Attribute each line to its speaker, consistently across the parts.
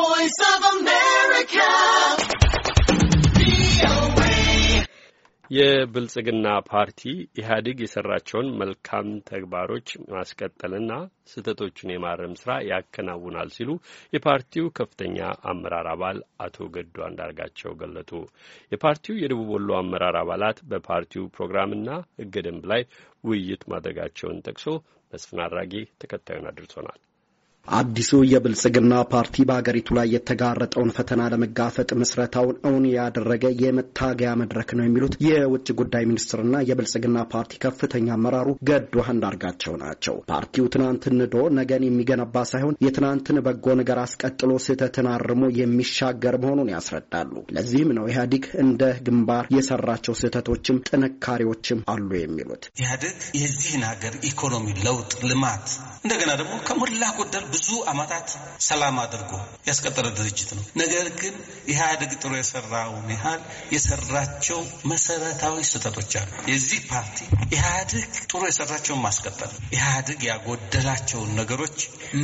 Speaker 1: voice of America.
Speaker 2: የብልጽግና ፓርቲ ኢህአዴግ የሰራቸውን መልካም ተግባሮች ማስቀጠልና ስህተቶቹን የማረም ስራ ያከናውናል ሲሉ የፓርቲው ከፍተኛ አመራር አባል አቶ ገዱ አንዳርጋቸው ገለጡ። የፓርቲው የደቡብ ወሎ አመራር አባላት በፓርቲው ፕሮግራምና ሕገ ደንብ ላይ ውይይት ማድረጋቸውን ጠቅሶ መስፍን አድራጌ ተከታዩን አድርሶናል።
Speaker 1: አዲሱ የብልጽግና ፓርቲ በሀገሪቱ ላይ የተጋረጠውን ፈተና ለመጋፈጥ ምስረታውን እውን ያደረገ የመታገያ መድረክ ነው የሚሉት የውጭ ጉዳይ ሚኒስትርና የብልጽግና ፓርቲ ከፍተኛ አመራሩ ገዱ አንዳርጋቸው ናቸው። ፓርቲው ትናንትን ንዶ ነገን የሚገነባ ሳይሆን የትናንትን በጎ ነገር አስቀጥሎ ስህተትን አርሞ የሚሻገር መሆኑን ያስረዳሉ። ለዚህም ነው ኢህአዲግ እንደ ግንባር የሰራቸው ስህተቶችም ጥንካሬዎችም አሉ የሚሉት
Speaker 2: ኢህአዲግ የዚህን ሀገር ኢኮኖሚ ለውጥ ልማት እንደገና ደግሞ ከሞላ ጎደል ብዙ አመታት ሰላም አድርጎ ያስቀጠለ ድርጅት ነው። ነገር ግን ኢህአዴግ ጥሩ የሰራውን ያህል የሰራቸው መሰረታዊ ስህተቶች አሉ። የዚህ ፓርቲ ኢህአዴግ ጥሩ የሰራቸውን ማስቀጠል፣ ኢህአዴግ ያጎደላቸውን ነገሮች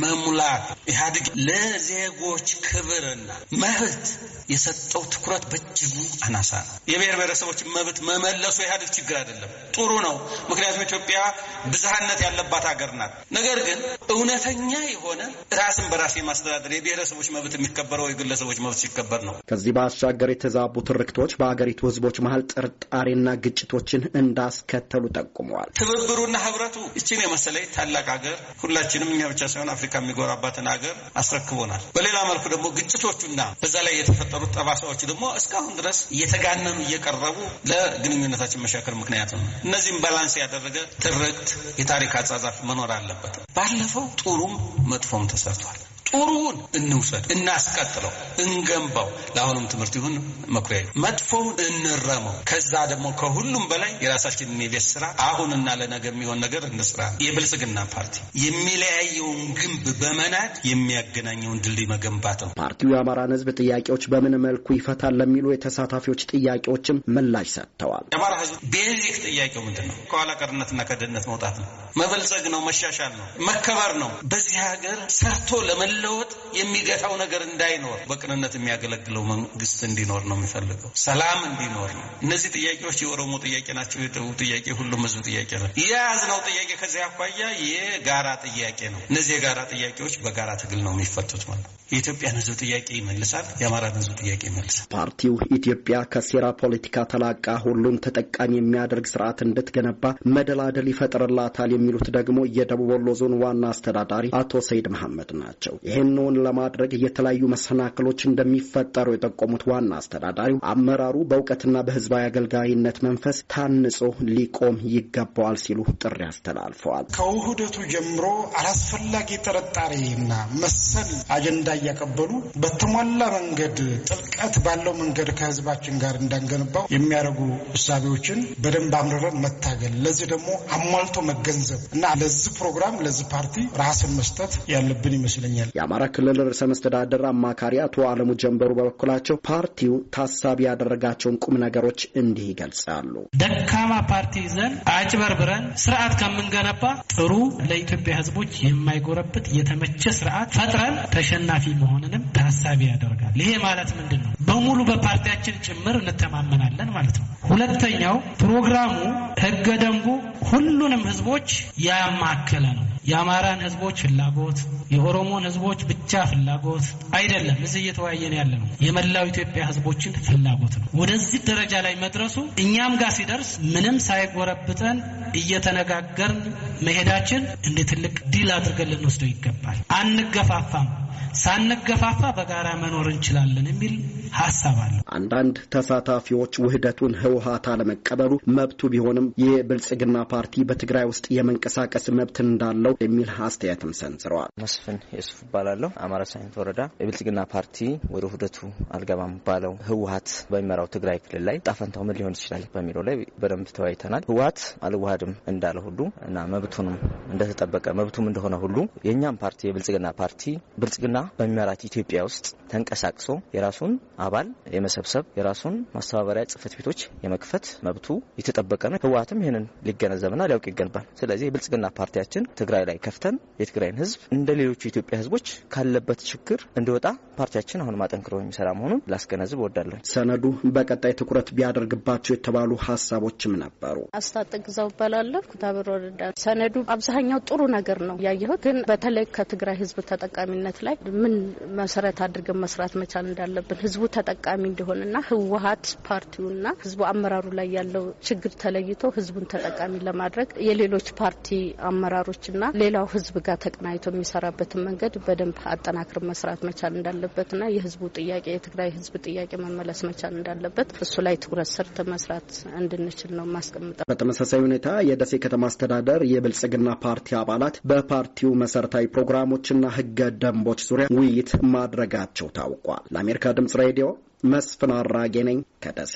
Speaker 2: መሙላት፣ ኢህአዴግ ለዜጎች ክብርና መብት የሰጠው ትኩረት በእጅጉ አናሳ ነው። የብሔር ብሔረሰቦች መብት መመለሱ ኢህአዴግ ችግር አይደለም፣ ጥሩ ነው። ምክንያቱም ኢትዮጵያ ብዝሃነት ያለባት ሀገር ናት። ነገር ግን እውነተኛ የሆነ ራስን በራስ የማስተዳደር የብሔረሰቦች መብት የሚከበረው የግለሰቦች መብት ሲከበር ነው።
Speaker 1: ከዚህ ባሻገር የተዛቡ ትርክቶች በአገሪቱ ህዝቦች መሀል ጥርጣሬና ግጭቶችን እንዳስከተሉ ጠቁመዋል።
Speaker 2: ትብብሩና ህብረቱ እችን የመሰለ ታላቅ ሀገር ሁላችንም እኛ ብቻ ሳይሆን አፍሪካ የሚጎራባትን ሀገር አስረክቦናል። በሌላ መልኩ ደግሞ ግጭቶቹና በዛ ላይ የተፈጠሩት ጠባሳዎቹ ደግሞ እስካሁን ድረስ እየተጋነኑ እየቀረቡ ለግንኙነታችን መሻከል ምክንያት ነው። እነዚህም ባላንስ ያደረገ ትርክት የታሪክ አጻጻፍ መኖር አለበት። ባለፈው ጥሩም መጥፎም ተሰርቷል። ጥሩውን እንውሰድ፣ እናስቀጥለው፣ እንገንባው። ለአሁኑም ትምህርት ይሁን መኩሪያ መጥፎውን እንረመው። ከዛ ደግሞ ከሁሉም በላይ የራሳችንን የቤት ስራ አሁንና ለነገ የሚሆን ነገር እንስራ። የብልጽግና ፓርቲ የሚለያየውን ግንብ በመናድ የሚያገናኘውን ድልድይ መገንባት ነው።
Speaker 1: ፓርቲው የአማራን ህዝብ ጥያቄዎች በምን መልኩ ይፈታል ለሚሉ የተሳታፊዎች ጥያቄዎችም ምላሽ ሰጥተዋል። የአማራ
Speaker 2: ህዝብ ቤዚክ ጥያቄው ምንድን ነው? ከኋላ ቀርነትና ከድህነት መውጣት ነው። መበልጸግ ነው። መሻሻል ነው። መከበር ነው። በዚህ ሀገር ሰርቶ ለመለ መለወጥ የሚገታው ነገር እንዳይኖር በቅንነት የሚያገለግለው መንግስት እንዲኖር ነው የሚፈልገው። ሰላም እንዲኖር ነው። እነዚህ ጥያቄዎች የኦሮሞ ጥያቄ ናቸው። የደቡብ ጥያቄ፣ ሁሉም ህዝብ ጥያቄ ነው። የያዝነው ጥያቄ ከዚህ አኳያ የጋራ ጥያቄ ነው። እነዚህ የጋራ ጥያቄዎች በጋራ ትግል ነው የሚፈቱት ማለት ነው። የኢትዮጵያን ህዝብ ጥያቄ ይመልሳል። የአማራን ህዝብ ጥያቄ ይመልሳል።
Speaker 1: ፓርቲው ኢትዮጵያ ከሴራ ፖለቲካ ተላቃ ሁሉን ተጠቃሚ የሚያደርግ ስርዓት እንድትገነባ መደላደል ይፈጥርላታል የሚሉት ደግሞ የደቡብ ወሎ ዞን ዋና አስተዳዳሪ አቶ ሰይድ መሐመድ ናቸው። ይህንን ለማድረግ የተለያዩ መሰናክሎች እንደሚፈጠሩ የጠቆሙት ዋና አስተዳዳሪው አመራሩ በእውቀትና በህዝባዊ አገልጋይነት መንፈስ ታንጾ ሊቆም ይገባዋል ሲሉ ጥሪ አስተላልፈዋል።
Speaker 2: ከውህደቱ ጀምሮ አላስፈላጊ ጥርጣሬና መሰል አጀንዳ እያቀበሉ በተሟላ መንገድ ጥልቀት ባለው መንገድ ከህዝባችን ጋር እንዳንገነባው የሚያደርጉ እሳቤዎችን በደንብ አምርረን መታገል፣ ለዚህ ደግሞ አሟልቶ መገንዘብ እና ለዚህ ፕሮግራም ለዚህ ፓርቲ ራስን መስጠት ያለብን ይመስለኛል። የአማራ
Speaker 1: ክልል ርዕሰ መስተዳደር አማካሪ አቶ አለሙ ጀንበሩ በበኩላቸው ፓርቲው ታሳቢ ያደረጋቸውን ቁም ነገሮች እንዲህ ይገልጻሉ።
Speaker 2: ደካማ ፓርቲ ይዘን አጭበርብረን ስርዓት ከምንገነባ ጥሩ ለኢትዮጵያ ሕዝቦች የማይጎረብት የተመቸ ስርዓት ፈጥረን ተሸናፊ መሆንንም ታሳቢ ያደርጋል። ይሄ ማለት ምንድን ነው? በሙሉ በፓርቲያችን ጭምር እንተማመናለን ማለት ነው። ሁለተኛው ፕሮግራሙ ህገ ደንቡ ሁሉንም ሕዝቦች ያማከለ ነው። የአማራን ህዝቦች ፍላጎት የኦሮሞን ህዝቦች ብቻ ፍላጎት አይደለም። እዚህ እየተወያየን ያለ ነው የመላው ኢትዮጵያ ህዝቦችን ፍላጎት ነው። ወደዚህ ደረጃ ላይ መድረሱ እኛም ጋር ሲደርስ ምንም ሳይጎረብጠን እየተነጋገርን መሄዳችን እንደ ትልቅ ዲል አድርገን ልንወስደው ይገባል። አንገፋፋም። ሳንገፋፋ በጋራ መኖር እንችላለን የሚል ሀሳብ
Speaker 1: አንዳንድ ተሳታፊዎች ውህደቱን ህወሀት አለመቀበሉ መብቱ ቢሆንም የብልጽግና ፓርቲ በትግራይ ውስጥ የመንቀሳቀስ መብት እንዳለው የሚል አስተያየትም ሰንዝረዋል። መስፍን የሱፍ እባላለሁ። አማራ ሳይንት ወረዳ የብልጽግና ፓርቲ ወደ ውህደቱ አልገባም ባለው ህወሀት በሚመራው ትግራይ ክልል ላይ ጣፈንታው ምን ሊሆን ይችላል በሚለው ላይ በደንብ ተወያይተናል። ህወሀት አልዋሃድም እንዳለ ሁሉ እና መብቱንም እንደተጠበቀ መብቱም እንደሆነ ሁሉ የእኛም ፓርቲ የብልጽግና ፓርቲ ብልጽግና በሚመራት ኢትዮጵያ ውስጥ ተንቀሳቅሶ የራሱን አባል የመሰብሰብ የራሱን ማስተባበሪያ ጽህፈት ቤቶች የመክፈት መብቱ የተጠበቀ ነው። ህወሀትም ይህንን ሊገነዘብና ሊያውቅ ይገንባል። ስለዚህ የብልጽግና ፓርቲያችን ትግራይ ላይ ከፍተን የትግራይን ህዝብ እንደ ሌሎቹ የኢትዮጵያ ህዝቦች ካለበት ችግር እንዲወጣ ፓርቲያችን አሁን ማጠንክሮ የሚሰራ መሆኑን ላስገነዝብ እወዳለን። ሰነዱ በቀጣይ ትኩረት ቢያደርግባቸው የተባሉ ሀሳቦችም ነበሩ። አስታጥቅ እባላለሁ። ኩታበር ወረዳ ሰነዱ አብዛኛው ጥሩ ነገር ነው ያየሁት። ግን በተለይ ከትግራይ ህዝብ ተጠቃሚነት ላይ ምን መሰረት አድርገን መስራት መቻል እንዳለብን ህዝቡ ተጠቃሚ እንዲሆንና ህወሀት ፓርቲውና ህዝቡ አመራሩ ላይ ያለው ችግር ተለይቶ ህዝቡን ተጠቃሚ ለማድረግ የሌሎች ፓርቲ አመራሮችና ሌላው ህዝብ ጋር ተቀናይቶ የሚሰራበትን መንገድ በደንብ አጠናክር መስራት መቻል እንዳለበትና የህዝቡ ጥያቄ የትግራይ ህዝብ ጥያቄ መመለስ መቻል እንዳለበት እሱ ላይ ትኩረት ሰርተ መስራት እንድንችል ነው ማስቀምጠው። በተመሳሳይ ሁኔታ የደሴ ከተማ አስተዳደር የብልጽግና ፓርቲ አባላት በፓርቲው መሰረታዊ ፕሮግራሞችና ህገ ደንቦች ዙሪያ ውይይት ማድረጋቸው ታውቋል። ለአሜሪካ ድምጽ ሬዲዮ መስፍን አራጌ ነኝ ከደሴ